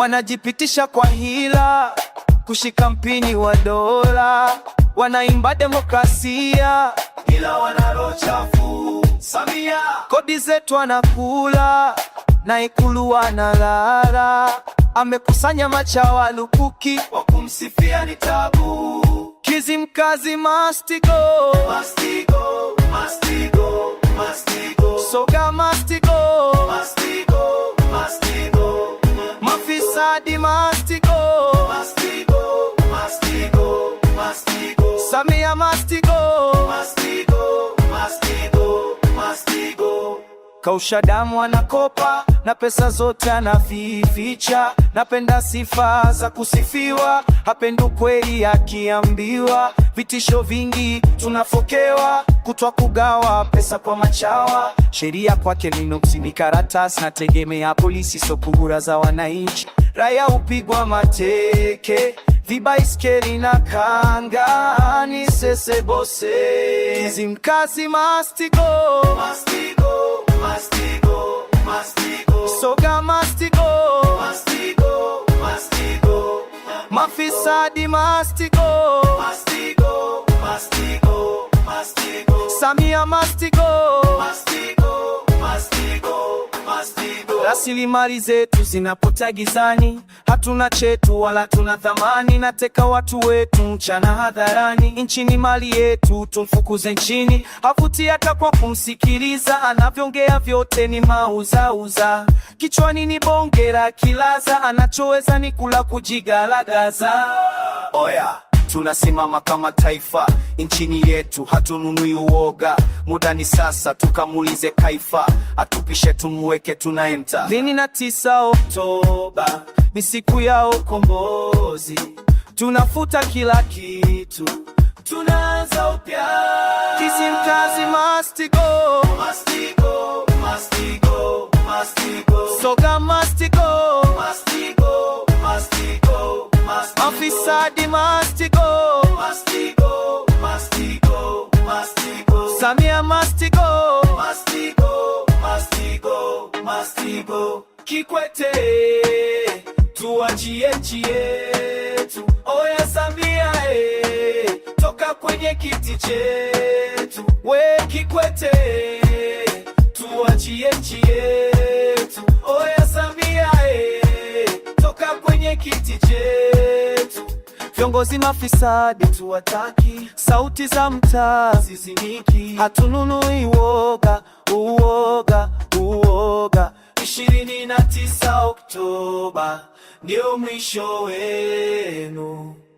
wanajipitisha kwa hila, kushika mpini wa dola, wanaimba demokrasia ila wanarochafu Samia. Kodi zetu anakula na Ikulu analala, amekusanya machawalukuki wa kumsifia ni tabu. Kizimkazi mastigo, mastigo, mastigo, mastigo. Soga Samia kausha damu anakopa na pesa zote anafificha. Napenda sifa za kusifiwa, hapendu ukweli akiambiwa. Vitisho vingi tunafokewa, kutwa kugawa pesa kwa machawa. Sheria kwake ni nuksi, ni karatasi, nategemea polisi, so za wananchi. Raya upigwa mateke, vibaiskeli na kanga ni sesebose, kizimkazi mastigo, mastigo, mastigo, mastigo, soga mastigo, mastigo, mastigo, mastigo, mafisadi mastigo, mastigo, mastigo, mastigo, Samia mastigo, mastigo Rasilimali zetu zinapotea gizani, hatuna chetu wala tuna thamani. Nateka watu wetu mchana hadharani, nchi ni mali yetu, tumfukuze nchini. Havuti hata kwa kumsikiliza, anavyongea vyote ni mauzauza. Kichwani ni bongera kilaza, anachoweza ni kula kujigalagaza. Oya tunasimama kama taifa, nchini yetu hatununui uoga. Muda ni sasa, tukamulize Kaifa atupishe, tumweke tunaenta lini na tisa Oktoba ni siku ya ukombozi, tunafuta kila kitu, tunaanza upya. Kizimkazi must mastigo. Ufisadi must go. Must go, must Samia mastigo go. Must go, Kikwete, tuachie nchi yetu. Oya Samia, e, toka kwenye kiti chetu. We Kikwete, tuachie nchi yetu. Oya Samia, e, toka kwenye kiti chetu. Viongozi mafisadi tuwataki, sauti za mtaa ziziniki, hatununui woga, uoga, uoga. Ishirini na tisa Oktoba ndio mwisho wenu.